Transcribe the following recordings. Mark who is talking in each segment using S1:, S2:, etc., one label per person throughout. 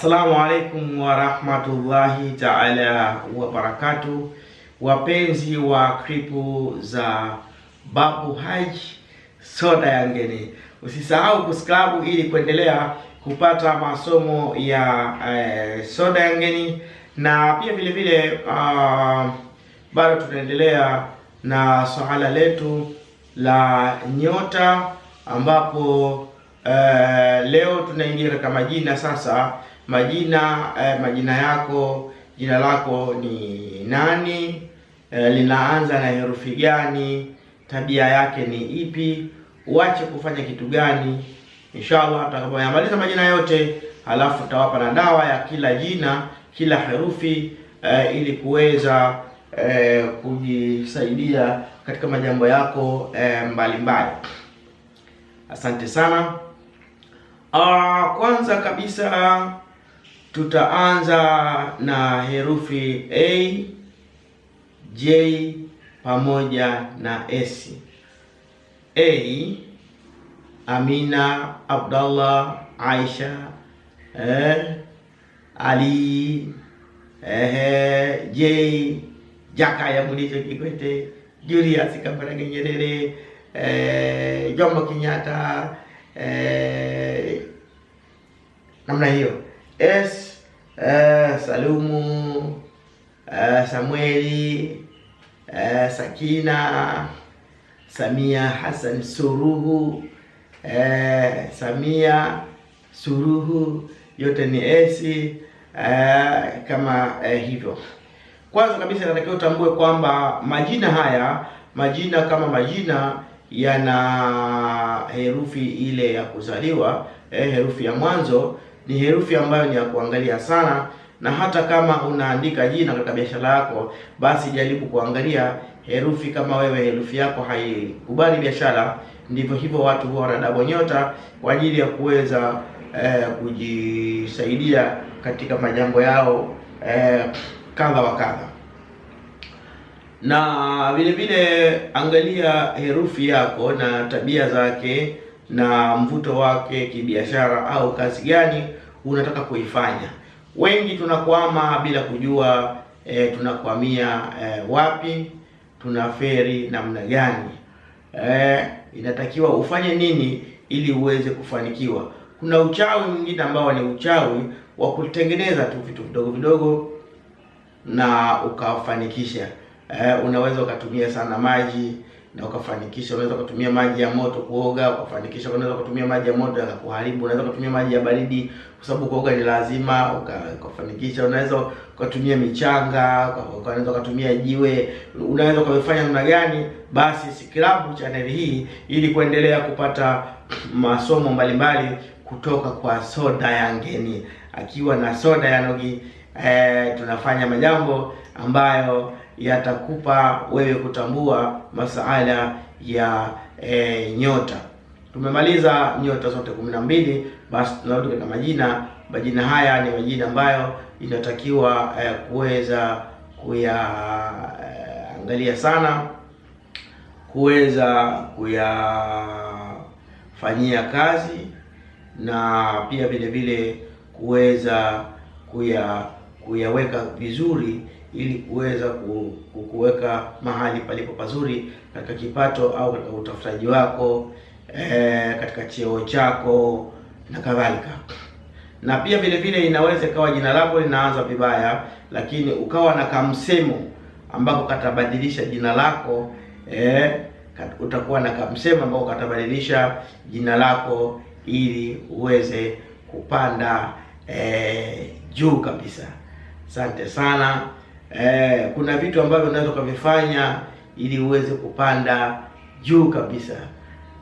S1: Assalamu alaikum warahmatullahi taala wabarakatu, wapenzi wa kripu za Babu Haji soda yangeni usisahau kusklabu ili kuendelea kupata masomo ya eh, soda yangeni na pia vile vile uh, bado tunaendelea na swala letu la nyota ambapo eh, leo tunaingia katika majina sasa majina eh, majina yako, jina lako ni nani, eh, linaanza na herufi gani, tabia yake ni ipi, uache kufanya kitu gani. Inshallah tutakapoyamaliza majina yote, halafu tawapa na dawa ya kila jina, kila herufi eh, ili kuweza eh, kujisaidia katika majambo yako eh, mbalimbali eh, mbali. Asante sana. Ah, kwanza kabisa Tutaanza na herufi A, J pamoja na S. A, Amina, Abdallah, Aisha, eh, Ali, eh, J, Jakaya Mlisho Kikwete, Julius Kambarage Nyerere, eh, Jomo Kenyatta, eh, namna hiyo Yes. uh, eh, Salumu uh, Samueli uh, Sakina Samia Hassan Suruhu uh, Samia Suruhu yote ni S uh, kama uh, hivyo. Kwanza kabisa natakiwa utambue kwamba majina haya majina kama majina yana herufi ile ya kuzaliwa eh, herufi ya mwanzo ni herufi ambayo ni ya kuangalia sana, na hata kama unaandika jina katika biashara yako, basi jaribu kuangalia herufi. Kama wewe herufi yako haikubali biashara, ndivyo hivyo, watu huwa wanadabo nyota kwa ajili ya kuweza eh, kujisaidia katika majambo yao eh, kadha wa kadha. Na vile vile angalia herufi yako na tabia zake na mvuto wake kibiashara au kazi gani unataka kuifanya. Wengi tunakwama bila kujua e, tunakwamia e, wapi, tunaferi namna gani, e, inatakiwa ufanye nini ili uweze kufanikiwa. Kuna uchawi mwingine ambao ni uchawi wa kutengeneza tu vitu vidogo vidogo na ukafanikisha. E, unaweza ukatumia sana maji na ukafanikisha. Unaweza kutumia maji ya moto kuoga ukafanikisha, unaweza kutumia maji ya moto kuharibu, Unaweza kutumia maji ya baridi, kwa sababu kuoga ni lazima, ukafanikisha. Unaweza ukatumia michanga, unaweza ukatumia jiwe, unaweza ukafanya namna gani? Basi sikilabu channel hii ili kuendelea kupata masomo mbalimbali kutoka kwa Soda ya Ngeni, akiwa na Soda ya Nogi. Eh, tunafanya majambo ambayo yatakupa wewe kutambua masuala ya e, nyota. Tumemaliza nyota zote kumi na mbili, basi tunarudi katika majina. Majina haya ni majina ambayo inatakiwa e, kuweza kuyaangalia e, sana, kuweza kuyafanyia kazi na pia vile vile kuweza kuya kuyaweka vizuri ili kuweza kuweka mahali palipo pazuri katika kipato au katika utafutaji wako e, katika cheo chako na kadhalika. Na pia vile vile inaweza ikawa jina lako linaanza vibaya, lakini ukawa na kamsemo ambako katabadilisha jina lako eh, kat, utakuwa na kamsemo ambako katabadilisha jina lako ili uweze kupanda e, juu kabisa. Asante sana. Eh, kuna vitu ambavyo unaweza ukavifanya ili uweze kupanda juu kabisa.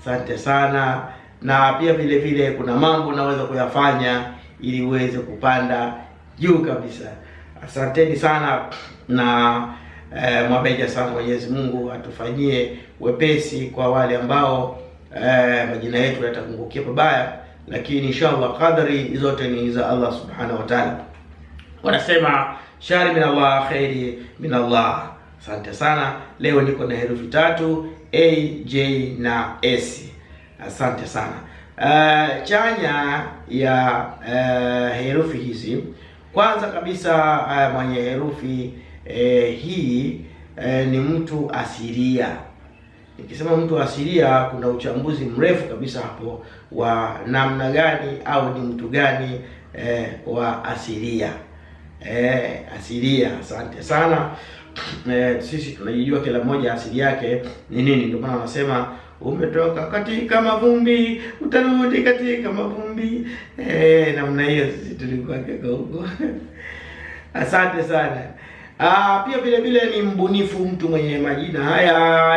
S1: Asante sana. Na pia vile vile kuna mambo unaweza kuyafanya ili uweze kupanda juu kabisa. Asanteni sana na eh, mwabeja sana Mwenyezi Mungu atufanyie wepesi kwa wale ambao eh, majina yetu yatakungukia pabaya, lakini inshallah kadri zote ni za Allah Subhanahu wa Ta'ala wanasema shari Allah khairi Allah. Asante sana, leo niko na herufi tatu A, J na S. Asante sana. Uh, chanya ya uh, herufi hizi, kwanza kabisa uh, mwenye herufi uh, hii uh, ni mtu asilia. Nikisema mtu asilia, kuna uchambuzi mrefu kabisa hapo wa namna gani au ni mtu gani uh, wa asilia eh, asilia. Asante sana eh, sisi tunajijua kila mmoja asili yake ni nini. Ndio maana wanasema umetoka katika mavumbi utarudi katika mavumbi eh, namna hiyo sisi tulikuwa huko asante sana. Ah, pia vile vile ni mbunifu mtu mwenye majina haya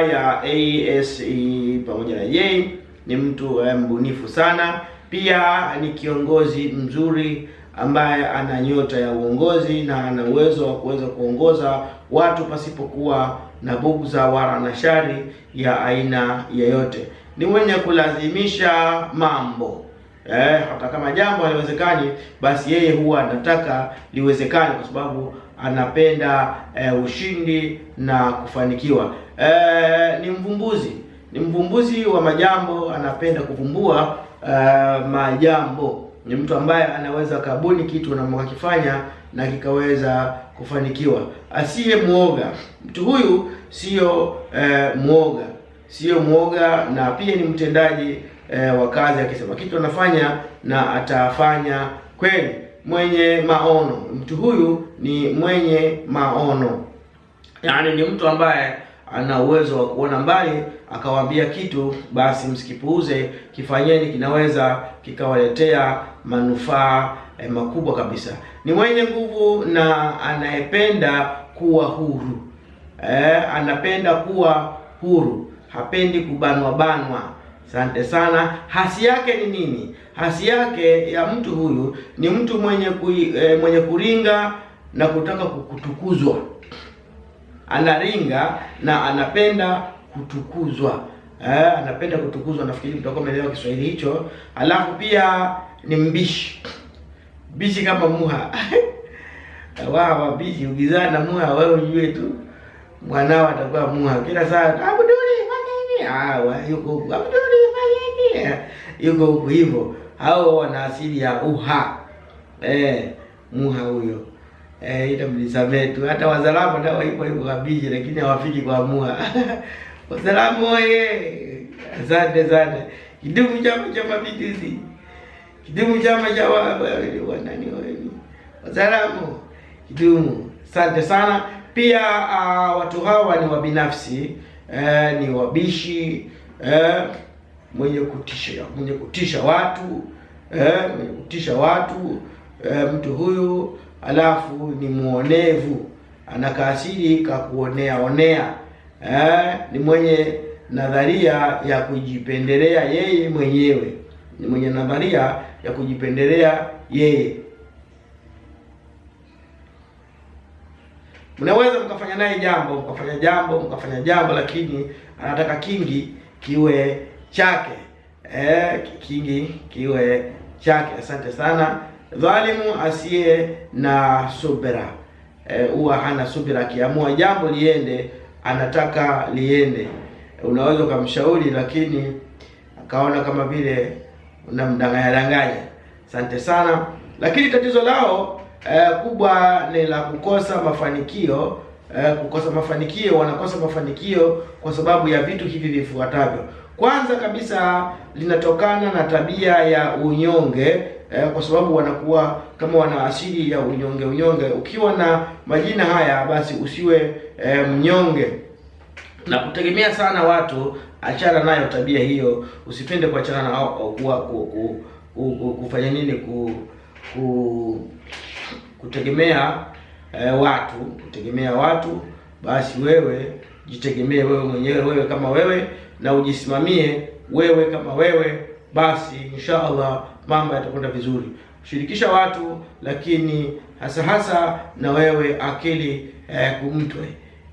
S1: ya A S E pamoja na J, ni mtu eh, mbunifu sana. Pia ni kiongozi mzuri ambaye ana nyota ya uongozi na ana uwezo wa kuweza kuongoza watu pasipokuwa na bugza wala na shari ya aina yoyote. Ni mwenye kulazimisha mambo eh, hata kama jambo haliwezekani, basi yeye huwa anataka liwezekane kwa sababu anapenda eh, ushindi na kufanikiwa. Eh, ni mvumbuzi, ni mvumbuzi wa majambo, anapenda kuvumbua eh, majambo ni mtu ambaye anaweza kabuni kitu unamokakifanya na kikaweza kufanikiwa, asiye mwoga. Mtu huyu sio eh, mwoga, sio mwoga, na pia ni mtendaji eh, wa kazi, akisema kitu anafanya na atafanya kweli. Mwenye maono, mtu huyu ni mwenye maono, yaani ni mtu ambaye ana uwezo wa kuona mbali, akawaambia kitu, basi msikipuuze, kifanyeni, kinaweza kikawaletea manufaa eh, makubwa kabisa. Ni mwenye nguvu na anayependa kuwa huru eh, anapenda kuwa huru, hapendi kubanwa banwa. Asante sana. Hasi yake ni nini? Hasi yake ya mtu huyu ni mtu mwenye kui, eh, mwenye kuringa na kutaka kutukuzwa anaringa na anapenda kutukuzwa eh, anapenda kutukuzwa. Nafikiri mtakuwa umeelewa Kiswahili hicho. Alafu pia ni mbishi, bishi kama muha wawa bishi ukizaa na muha, wewe ujue tu mwanao atakuwa muha kila saa, ah, yuko huku hivyo. Hao wana asili ya uha eh, muha huyo Eh, ila mnisamee tu. Hata wazalamu nao hivyo hivyo kabisa, lakini hawafiki kuamua. Wazalamu oye! Asante sana. Kidumu chama cha mapinduzi. Kidumu chama cha wanani wewe? Wazalamu. Kidumu. Asante sana. Pia uh, watu hawa ni wabinafsi, eh, ni wabishi, eh, mwenye kutisha, mwenye kutisha watu, eh, mwenye kutisha watu, eh, mtu huyu alafu ni muonevu, ka kuonea onea, eh, ni mwenye nadharia ya kujipendelea yeye mwenyewe, ni mwenye nadharia ya kujipendelea yeye. Mnaweza mkafanya naye jambo mkafanya jambo mkafanya jambo, lakini anataka kingi kiwe chake, eh, kingi kiwe chake. Asante sana. Dhalimu asiye na subira eh, huwa e, hana subira. Akiamua jambo liende, anataka liende. Unaweza ukamshauri, lakini akaona kama vile unamdanganya danganya. Asante sana, lakini tatizo lao e, kubwa ni la kukosa mafanikio e, kukosa mafanikio. Wanakosa mafanikio kwa sababu ya vitu hivi vifuatavyo. Kwanza kabisa linatokana na tabia ya unyonge eh, kwa sababu wanakuwa kama wana asili ya unyonge unyonge. Ukiwa na majina haya basi usiwe eh, mnyonge na kutegemea sana watu. Achana nayo tabia hiyo, usipende kuachana na kuwa ku, ku, kufanya nini ku, ku kutegemea eh, watu kutegemea watu. Basi wewe jitegemee wewe mwenyewe, wewe kama wewe, na ujisimamie wewe kama wewe basi insha Allah mambo yatakwenda vizuri. Shirikisha watu, lakini hasa hasa na wewe akili eh, kumtwe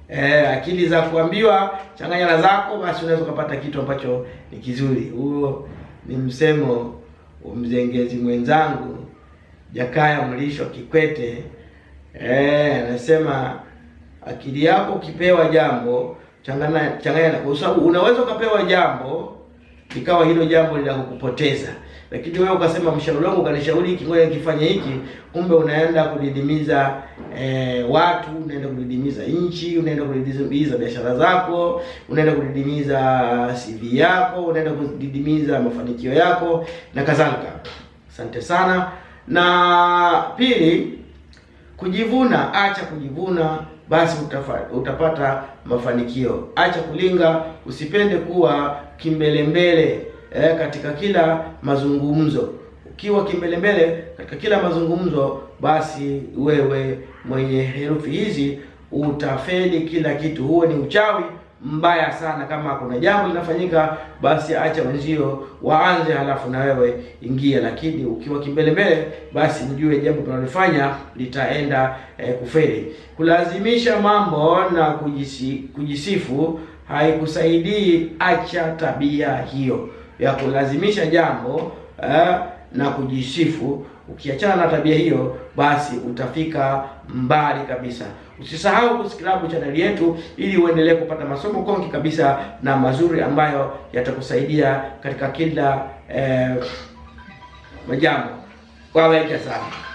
S1: eh, akili za kuambiwa, changanya na zako, basi unaweza ukapata kitu ambacho ni kizuri. Huo ni msemo wa mzengezi mwenzangu Jakaya Mlisho Kikwete eh, anasema eh, akili yako ukipewa jambo changanya, changanya, kwa sababu unaweza ukapewa jambo ikawa hilo jambo lila kukupoteza, lakini wewe ukasema mshauri wangu kanishauri hiki, ngoja kifanye hiki, kumbe unaenda kudidimiza eh, watu, unaenda kudidimiza nchi, unaenda kudidimiza biashara zako, unaenda kudidimiza CV yako, unaenda kudidimiza mafanikio yako na kadhalika. Asante sana. Na pili, kujivuna, acha kujivuna basi utafa, utapata mafanikio. Acha kulinga, usipende kuwa kimbelembele eh, katika kila mazungumzo. Ukiwa kimbelembele katika kila mazungumzo, basi wewe mwenye herufi hizi utafeli kila kitu. Huo ni uchawi mbaya sana. Kama kuna jambo linafanyika, basi acha wenzio waanze, halafu na wewe ingia. Lakini ukiwa kimbelembele, basi mjue jambo tunalofanya litaenda eh, kufeli. Kulazimisha mambo na kujisi, kujisifu haikusaidii. Acha tabia hiyo ya kulazimisha jambo eh, na kujisifu Ukiachana na tabia hiyo, basi utafika mbali kabisa. Usisahau kusubscribe chaneli yetu ili uendelee kupata masomo konki kabisa na mazuri ambayo yatakusaidia katika kila eh, majambo. Kwa weka sana.